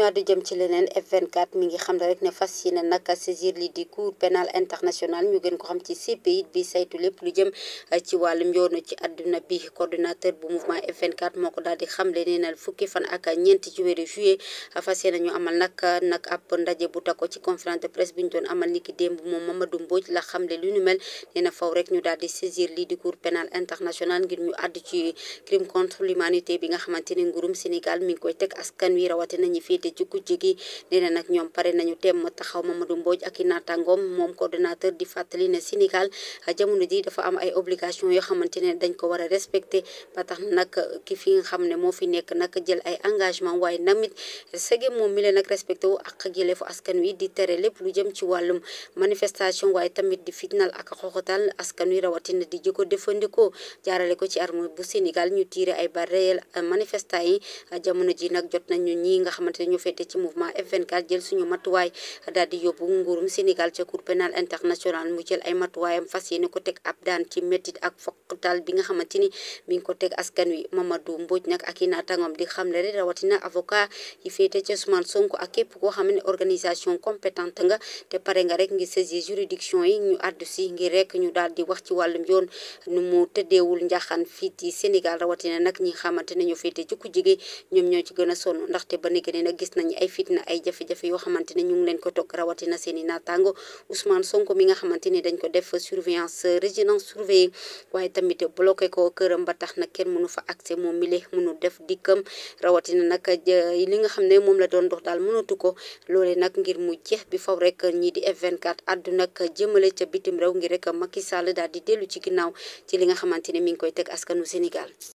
ñu àddu jëm ci leneen F24 mi ngi xam ne rek ne fas yéene nag saisir li di cour pénale internationale ñu gën ko xam ci CPI bi saytu lépp lu jëm euh, ci moo ko daal di xamle nee na fukki fan ak ñeent ci weeru juillet euh, fas yéene ñu amal nag euh, nag ab ndaje bu takko ci conférence de bi ñu doon amal niki démb moom Mamadou Mbodj la xamle lu ñu mel nee rek ñu daal di saisir lii di cour pénale internationale ngir ñu àddu ci crime contre l'humanité bi nga xamante ne nguurum Sénégal mi koy teg askan wi rawatina ñi féete féete ci kujje gi nee na nag ñoom pare nañu temm taxaw Mamadou Mbodj ak i naataangoom moom coordonnateur di fàttali ne ji dafa am ay yoo xamante ne dañ ko war a respecté ba ki fi nga xam ne moo fi nekk nag jël ay engagement waaye namit sege moom mi nag respecté wu ak yëlefu askan wi di tere lépp lu jëm ci wàllum manifestation waaye tamit di fitnal ak xoxotal askan wi rawatina di jiko defandikoo jaarale ko ci armée bu jamono ji nag jot nañu ñi nga xamante ñu féete ci mouvement F24 jël suñu matuwaay daal di yóbbu nguurum Sénégal ci cour pénal international mu jël ay matuwaayam fas yéene ko teg ab daan ci métit ak dal bi nga xamante ni mi ngi ko teg askan wi Mamadou Mbodj nag ak i naataangoom di xamle rek rawatina avocat yi féete ci Ousmane Sonko ak képp koo xam ne organisation compétente nga te pare nga rek ngir saisir juridiction yi ñu àddu si ngir rek ñu daal di wax ci wàllum yoon nu mu tëddeewul njaxaan fii ci Sénégal rawatina nag ñi xamante ne ñu féete ci ku jige ñoom ñoo ci gën a sonn ndaxte ba nekk nag gis nañu ay fitna ay jafe-jafe yoo xamante ne ñu ngi leen ko toog rawatina seen i naataango Ousmane Sonko mi nga xamante ne dañ ko def surveillance résidence surveillée waaye tamit bloqué ko këram ba tax na kenn mënu fa accès moom mi le mënu def dikkam rawatina nag li nga xam ne moom la doon dox daal mënatu ko loole nag ngir mu jeex bi faw rek ñii di F24 addu nag jëmale ca bitim rew ngir rek Macky Sall daal di dellu ci ginnaaw ci li nga xamante ne mi ngi koy teg askanu Sénégal